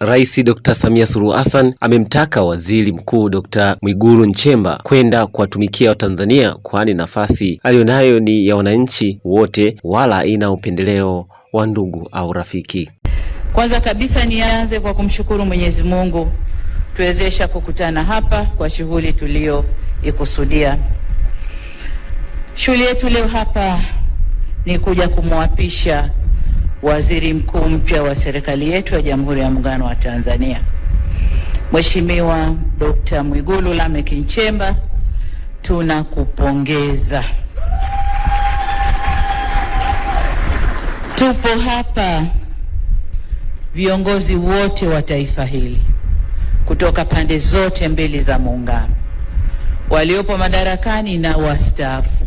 Rais Dr. Samia Suluhu Hassan amemtaka Waziri Mkuu Dr. Mwigulu Nchemba kwenda kuwatumikia Watanzania kwani nafasi aliyonayo ni ya wananchi wote wala ina upendeleo wa ndugu au rafiki. Kwanza kabisa nianze kwa kumshukuru Mwenyezi Mungu tuwezesha kukutana hapa kwa shughuli tuliyoikusudia. Shughuli yetu leo hapa ni kuja kumwapisha waziri mkuu mpya wa serikali yetu ya Jamhuri ya Muungano wa Tanzania, Mheshimiwa Dr. Mwigulu Lameck Nchemba, tunakupongeza. Tupo hapa viongozi wote wa taifa hili kutoka pande zote mbili za muungano, waliopo madarakani na wastaafu,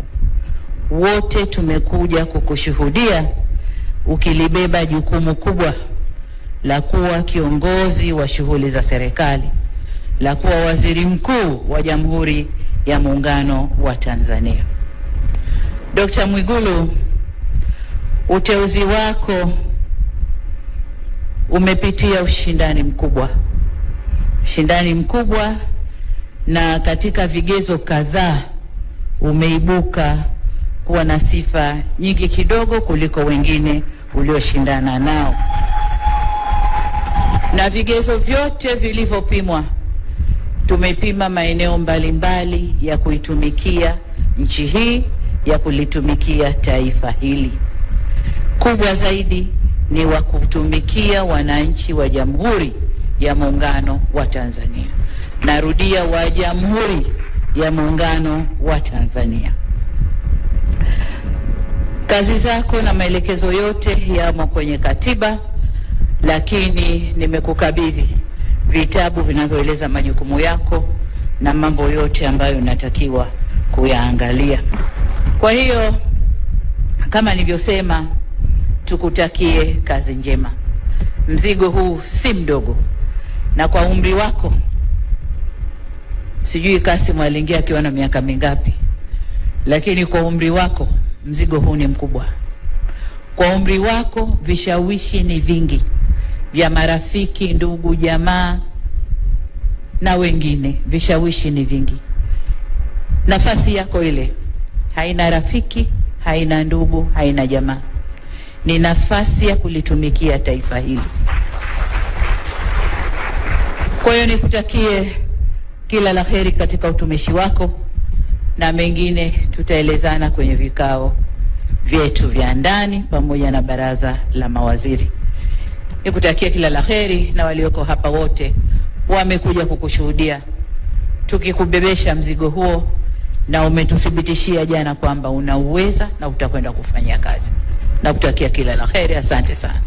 wote tumekuja kukushuhudia ukilibeba jukumu kubwa la kuwa kiongozi wa shughuli za serikali, la kuwa waziri mkuu wa Jamhuri ya Muungano wa Tanzania. Dkt. Mwigulu, uteuzi wako umepitia ushindani mkubwa, ushindani mkubwa, na katika vigezo kadhaa umeibuka kuwa na sifa nyingi kidogo kuliko wengine ulioshindana nao, na vigezo vyote vilivyopimwa. Tumepima maeneo mbalimbali ya kuitumikia nchi hii, ya kulitumikia taifa hili. Kubwa zaidi ni wa kutumikia wananchi wa Jamhuri ya Muungano wa Tanzania. Narudia, wa Jamhuri ya Muungano wa Tanzania. Kazi zako na maelekezo yote yamo kwenye katiba, lakini nimekukabidhi vitabu vinavyoeleza majukumu yako na mambo yote ambayo unatakiwa kuyaangalia. Kwa hiyo kama nilivyosema, tukutakie kazi njema. Mzigo huu si mdogo, na kwa umri wako, sijui Kassim aliingia akiwa na miaka mingapi, lakini kwa umri wako mzigo huu ni mkubwa. Kwa umri wako, vishawishi ni vingi vya marafiki, ndugu, jamaa na wengine, vishawishi ni vingi. Nafasi yako ile haina rafiki, haina ndugu, haina jamaa, ni nafasi ya kulitumikia taifa hili. Kwa hiyo nikutakie kila la heri katika utumishi wako na mengine tutaelezana kwenye vikao vyetu vya ndani pamoja na baraza la mawaziri. Nikutakia kila la heri, na walioko hapa wote wamekuja kukushuhudia tukikubebesha mzigo huo, na umetuthibitishia jana kwamba unauweza na utakwenda kufanya kazi. Nakutakia kila la heri, asante sana.